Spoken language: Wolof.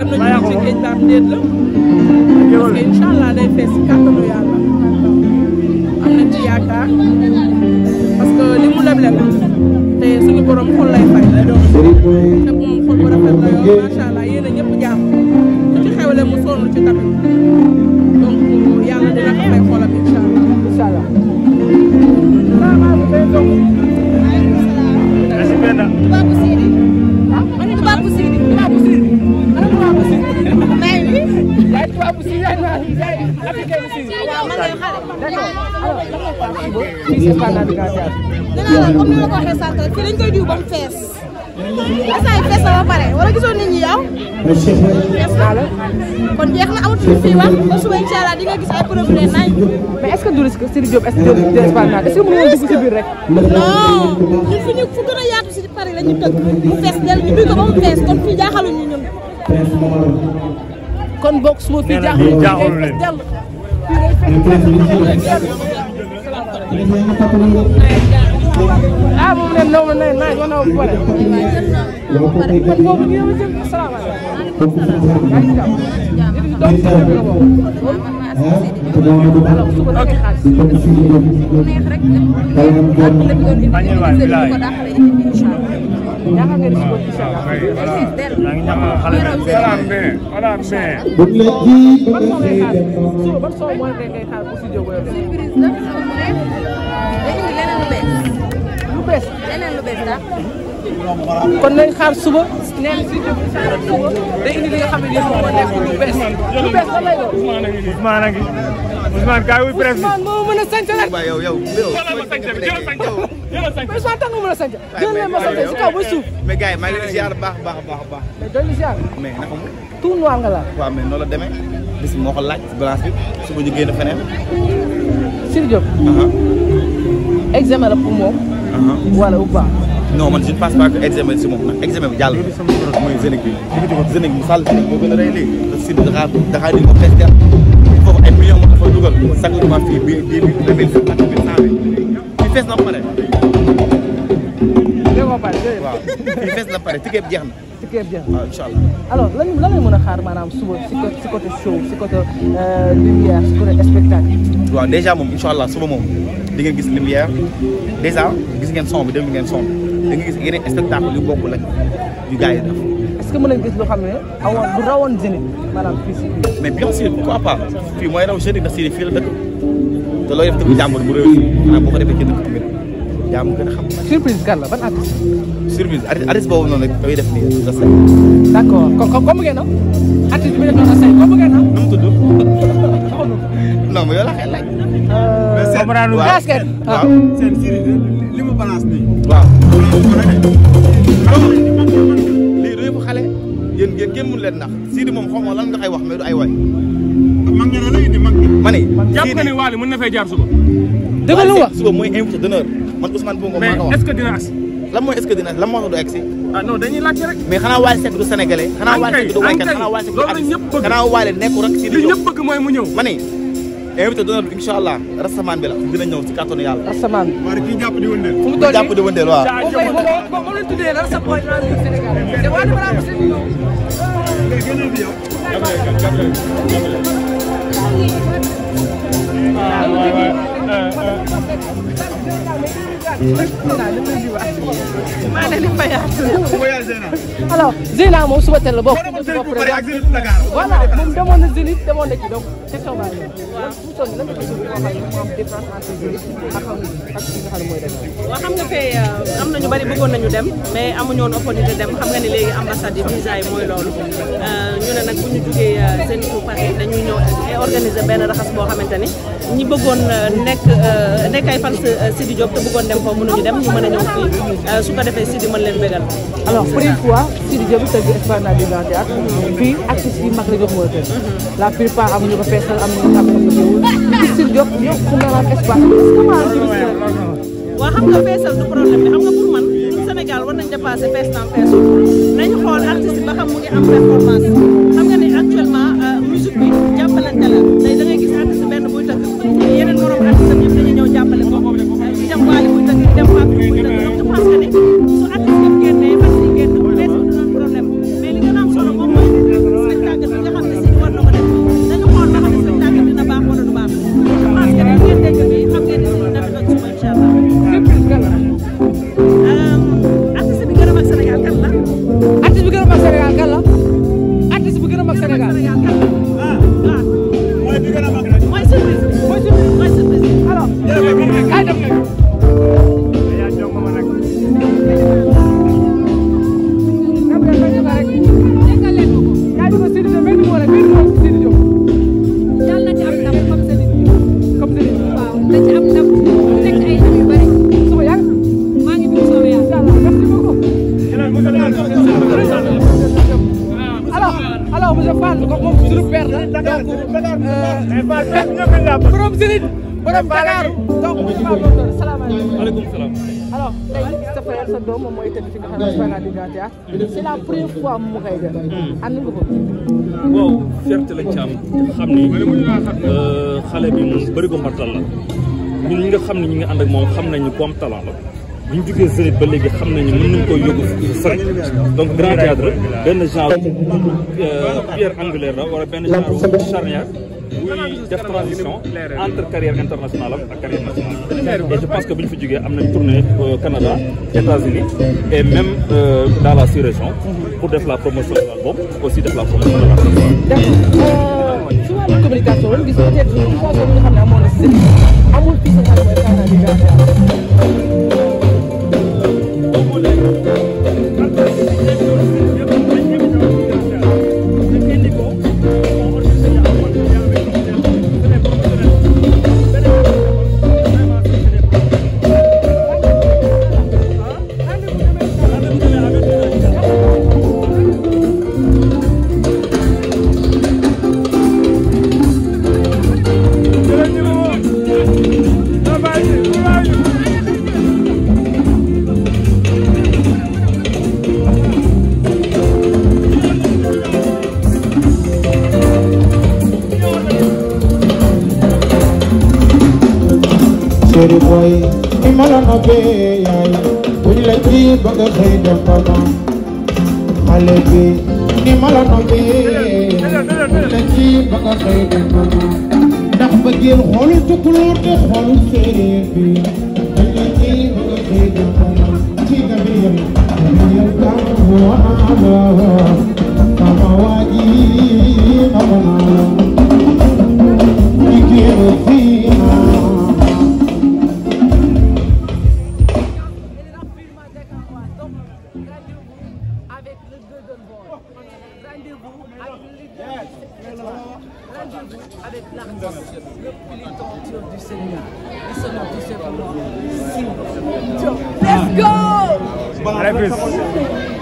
am nañu ci géej ba am déet la parce que incha allah day fees si kàttanu yàlla am nañ ci yaakaar parce que li mu leble la te suñu borom xol lay fay te moom xol bu rafet la yow macha allah yéen a ñëpp jàpp ku ci xewle mu sonn ci tamit donc yàlla dina ko fay xolam incha allah. lañ koy diw ba mu fees. asaay fees na ba pare wala gisoo fees kon jeex na amatul fii wax ba suba incha allah di nga gis ay mais est-ce que du risque Sidy Diop est-ce que du si Paris la ba mu fees kon fii jaaxaluñu ñun. kon boog su ma fi jaaxle wu ñu ah moom nee na ma nee naa ma naa boole. kon boobu ñu ngi salaamaaleykum. ah te doo ma dugal di toog si liggéey bi bala ngeen góor ñi. bëgg leen kii bëgg leen kii dem noonu. kon nañ xaar suba nee na si jëm saa yoon suba day indi li nga xam ne nii moom moo nekk lu bees lu bees lan lay doon. Ousmane a ngi nii Ousmane a ngi Ousmane kaay wuy presse Ousmane moo mën a sant rek. waaw yow yow yow xoolal ma sant bi jëloon sant jëloon sant. Ousmane tax nga mën a sant jëloon leen ma sant si kaw ba suuf. mais gars yi maa ngi leen ziar baax baax baax baax. mais doy na ziar. mais naka moom. tout noir nga laal. waaw mais noonu la demee bis moo ko laaj balance bi suba ñu génn feneen. Sidi Diop. Uh-huh. examen la pour moom. Uh-huh. wala ou pas. non man je ne passe pas que examen si moom nag examen bi jàll mooy Zénith bi Zénith bi Sall Zénith boo gën a rey léegi te Sud daxaa daxaa di ko fees dell foofu ay millions moo dafa dugal chaque fois fii bi dix mille deux mille cinquante mille cent mille fii fees na ba pare waaw fii fees na pare ticket bi jeex na ticket bi jeex na waaw incha allah alors lan lan lay mën a xaar maanaam suba si côté show si côté lumière si côté spectacle waaw dèjà moom incha allah suba moom di ngeen gis lumière dèjà gis ngeen son bi déglu ngeen son bi da nga gis yeneen spectacle yu bokkul ak yu gars yi def. est-ce que mën nañu gis loo xam ne awoon du rawoon Zénith maanaam fii si mais bien sûr pourquoi pas fii mooy raw Zénith ndax Zénith fii la dëkk te looy def dëkk jàmbur bu réew maanaam boo ko defee ci dëkk bi yaa ma gën a xam. surprise kan la ban artiste. surprise artiste boobu noonu rek dafay def nii la say. d'accord kon comme ngeen am artiste bi def noonu la say comme ngeen am. nu mu tudd. lamb yow la xel lañ. Euh, mais seen comprendre basket. waaw seen série li mu balance nii. waaw lii du yëpp xale yéen ngeen moom xaw ma wax mais du ay way. mag nga doon indi mag bi. ma na fay jaar suba. dëgg la wax suba mooy invité d'honneur man Ousmane Bongo maa ko wax mais est-ce que moo tax du egg si. ah non dañuy laajte rek. mais xanaa Waly Seck du sénégalais. xanaa Waly Seck du waykat xanaa Waly Seck du artiste xanaa Waly nekkul rek. Sidi Diop li ñëpp bëgg mooy mu ñëw ma invité d'honneur bi incha allah rastamaan bi la dina ñëw si kàttanu yàlla. rastamaan bi. waaw kii jàpp di wëndeel. fu waa maa ma alors Zeyna moom suba teel la bokk. voilà moom demoon na Zénith demoon na ci donc question baa ngi waaw xam nga fee euh, am na ñu bari bëggoon nañu dem mais amuñu woon opportunité dem xam nga ni léegi ambassade yi visa yi mooy loolu euh, ñu ne nag bu ñu jugee euh, Zénith bu Paris dañuy ñëw et organiser benn raxas boo xamante ni ñi bëggoon nekk nekk ay fan Sidi Diop te bëggoon dem jóge foofu mënuñu dem ñu mën a ñëw fii euh, su ko defee Sidi mën leen bégal. alors pour une fois Sidi Diop tëgg Esplanade du Grand Théâtre fii artistes yi mag la ñu war a la plupart amuñu ko feesal amuñu ko am ak Sidi Diop ñëw ku meloon espace waaw xam nga feesal du problème bi xam nga pour man Sénégal war nañ dépassé fees temps feesul nañu xool artistes yi ba xam mu ngi am performance comme moom suñu père la donc borom Serigne borom Dakar donc euh, Moussa euh, Bondoor salaamaaleykum. maaleykum salaam. alors tey sa frère sa doom moom mooy tëdd fi nga xam ne Fana du Grand Théâtre c'est la première fois mu koy def ànd nga ko. waaw fierté la ci am xam ni euh, xale bi moom bëri ko mbartal la ñun ñi nga xam ne ñu ngi ànd ak moom xam nañu ko am talent la. bu ñu jógee Zénith ba léegi xam nañu mën nañu koy yóbbu fële donc grand théâtre benn genre euh, pierre angulaire la wala benn genre charnière buy def transition entre internationale ak carrière nationale. et je pense que bu ñu fa jógee am nañ tournée euh, Canada États-Unis et même euh, dans la sous-région pour def la promotion de l'album aussi def la promotion de la communication chéri boy mi ma la noppee yaay buñ la ci bëgg a xëy dem ba ma xale bi ni ma la noppee buñ la ci bëgg a xëy dem ba ma ndax bëggeel xoolu tukulóor te xoolu séeréer bi buñ la ci bëgg a xëy dem ba ma ci nga bi yem nga bi yem ka waala mama waa ji mama naa personne a poussé pour moi. Let's go! Refuse.